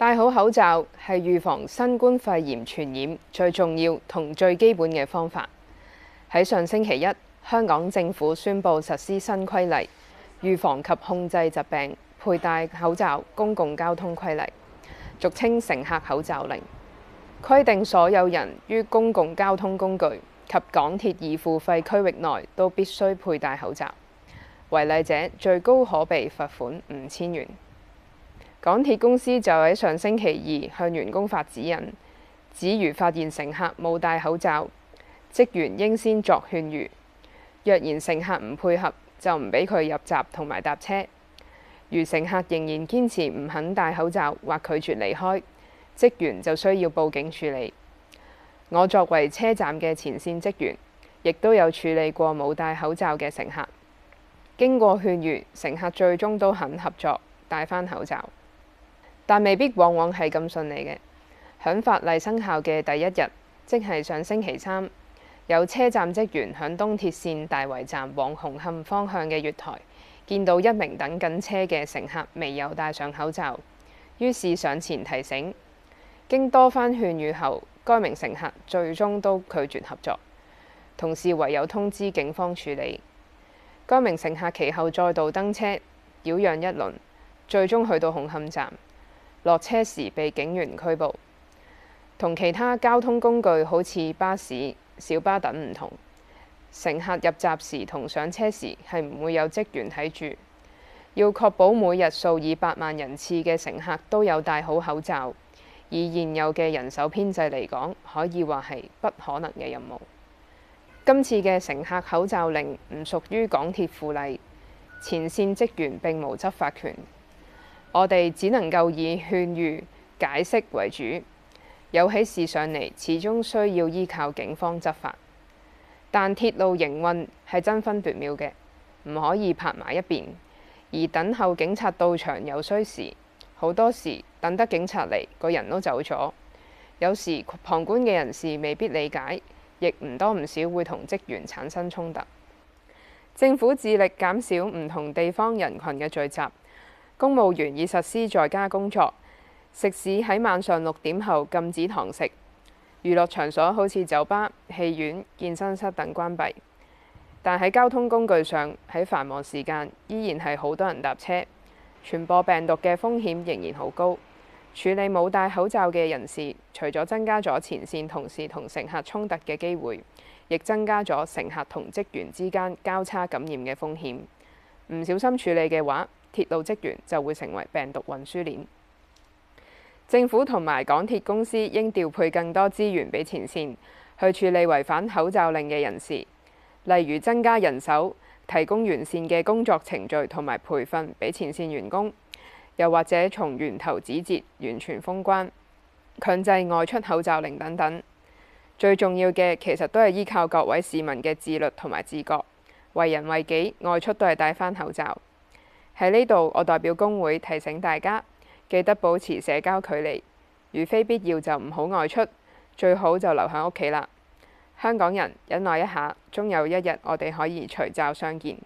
戴好口罩係預防新冠肺炎傳染最重要同最基本嘅方法。喺上星期一，香港政府宣布實施新規例，預防及控制疾病佩戴口罩公共交通規例，俗稱乘客口罩令，規定所有人於公共交通工具及港鐵已付費區域內都必須佩戴口罩，違例者最高可被罰款五千元。港鐵公司就喺上星期二向員工發指引，指如發現乘客冇戴口罩，職員應先作勸喻；若然乘客唔配合，就唔俾佢入閘同埋搭車。如乘客仍然堅持唔肯戴口罩或拒絕離開，職員就需要報警處理。我作為車站嘅前線職員，亦都有處理過冇戴口罩嘅乘客。經過勸喻，乘客最終都肯合作，戴翻口罩。但未必，往往係咁順利嘅。響法例生效嘅第一日，即係上星期三，有車站職員響東鐵線大圍站往紅磡方向嘅月台見到一名等緊車嘅乘客未有戴上口罩，於是上前提醒。經多番勸喻後，該名乘客最終都拒絕合作，同事唯有通知警方處理。該名乘客其後再度登車擾攘一輪，最終去到紅磡站。落車時被警員拘捕，同其他交通工具好似巴士、小巴等唔同。乘客入閘時同上車時係唔會有職員睇住，要確保每日數以百萬人次嘅乘客都有戴好口罩。以現有嘅人手編制嚟講，可以話係不可能嘅任務。今次嘅乘客口罩令唔屬於港鐵附例，前線職員並無執法權。我哋只能夠以勸喻、解釋為主，有起事上嚟，始終需要依靠警方執法。但鐵路營運係爭分奪秒嘅，唔可以拍埋一邊。而等候警察到場有需時，好多時等得警察嚟，個人都走咗。有時旁觀嘅人士未必理解，亦唔多唔少會同職員產生衝突。政府致力減少唔同地方人群嘅聚集。公務員已實施在家工作，食肆喺晚上六點後禁止堂食，娛樂場所好似酒吧、戲院、健身室等關閉。但喺交通工具上，喺繁忙時間依然係好多人搭車，傳播病毒嘅風險仍然好高。處理冇戴口罩嘅人士，除咗增加咗前線同事同乘客衝突嘅機會，亦增加咗乘客同職員之間交叉感染嘅風險。唔小心處理嘅話，鐵路職員就會成為病毒運輸鏈。政府同埋港鐵公司應調配更多資源俾前線，去處理違反口罩令嘅人士，例如增加人手，提供完善嘅工作程序同埋培訓俾前線員工，又或者從源頭指截，完全封關，強制外出口罩令等等。最重要嘅其實都係依靠各位市民嘅自律同埋自覺，為人為己，外出都係戴翻口罩。喺呢度，我代表工會提醒大家，記得保持社交距離，如非必要就唔好外出，最好就留喺屋企啦。香港人忍耐一下，終有一日我哋可以除罩相見。